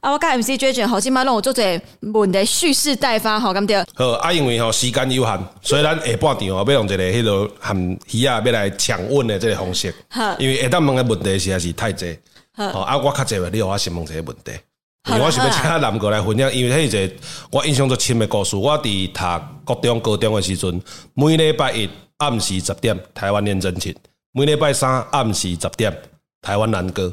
啊！我甲 MCJJ 吼即擺攏有做一個問題蓄勢待發，吼。咁對。好，啊，因為吼時間有限， 所以咱下半場吼要用一個迄囉含魚仔要來搶問的即個方式。好因為下當問個問題實在是太儕，好啊，我較儕吧，你有我先問一個問題，啊、因我想要請南哥來分享，因為迄個我印象最深嘅故事，我佇讀高中、高中嘅時陣，每禮拜一暗時十點台灣念真情，每禮拜三暗時十點台灣南哥。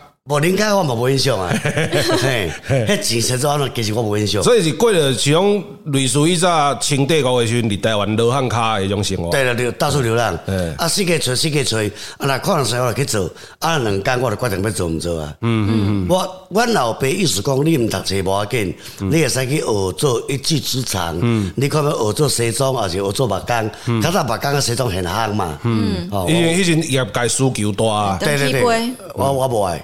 我應該 我無印象啊，其實做呢其實我冇印象。所以是過了，像類似於一個清代嗰個時，你台灣流浪卡誒種生活。對了，到處流浪，啊，四處吹，四處吹，啊，看上啥我去做，啊，兩間我都決定要做唔做啊。嗯嗯嗯，我我老爸一直講，你唔讀書唔要緊，你也可以學做一技之長。嗯，你可以學做西裝，還是學做白鋼？嗯，其實白鋼跟西裝很夯嘛。嗯，因為以前業界需求大。對對對，對，我我唔愛。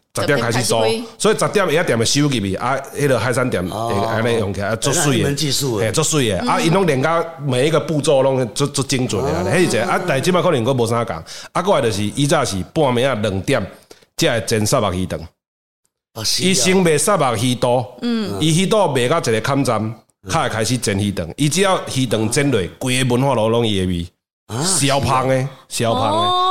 十點開始做，所以十點伊一點咪收起咪啊！迄條海產店，會安尼用起來、嗯、啊，足水嘅，嘿，足水嘅。啊，因攏練到每一個步驟攏做做精準嘅，嘿，而且啊，但即擺可能佫無啥講。啊，佫啊著是，伊早是半暝啊，兩點才係整虱目魚塘，伊先賣虱目魚肚，嗯，伊魚肚賣到一個坎站，才會開始整魚塘，伊只要魚塘整落，規個文化路攏伊誒味，燒芳誒，燒芳誒。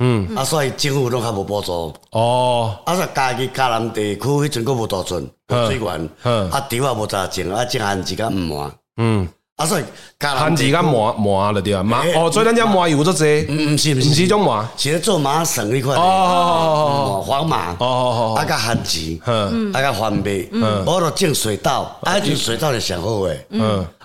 嗯，啊，所以政府攏較無補助，哦，啊，所以家己家南地區以前閣無稻種，無水源，啊，田也無咋種，啊，種旱地個唔麻，嗯，啊，所以旱地個麻麻了啲啊，麻哦，所以咱講麻油都濟，嗯嗯是唔是種麻，是做麻繩一塊，哦哦哦，黃麻，哦哦哦，啊加旱地，嗯，啊加黃米，嗯，無就種水稻，啊種水稻上好嗯。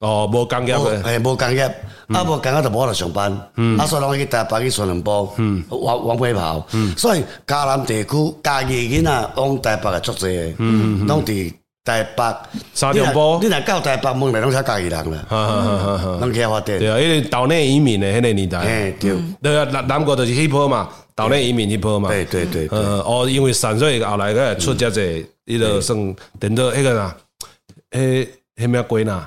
哦，冇工業嘅，係冇工業，阿冇工業就冇法度上班。阿所以攏去台北去巡兩波，往往邊跑。所以嘉南地區家己嘅囡仔往台北嚟做嘢，攏住台北三重埔。你若到台北問嚟，攏係家己人啦。對啊，因為島內移民嘅嗰個年代，對啊，南南國就係嗰波嘛，島內移民嗰波嘛。對對對，哦，因為三歲後來嘅出遮濟，依度算等到嗰個啦，誒，咩鬼啦？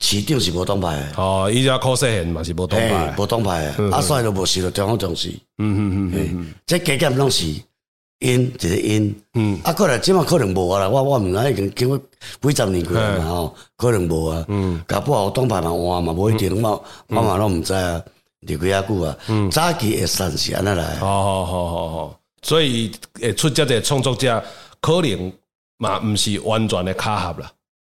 市長是無當牌，哦，伊遮靠細漢，嘛是無當牌，無當牌，阿衰都無受到中央重視，嗯嗯嗯嗯，即加減攏是音就是音，嗯，擱來即嘛可能無啊，我我毋知已經經過幾十年過去嘛，吼可能無啊，嗯，甲不好當牌嘛換，嘛，無一定，嘛，嘛嘛攏毋知啊，你幾啊久啊，早期日散時安尼來，吼吼吼吼吼。所以會出遮個創作者可能，嘛毋是完全的巧合啦。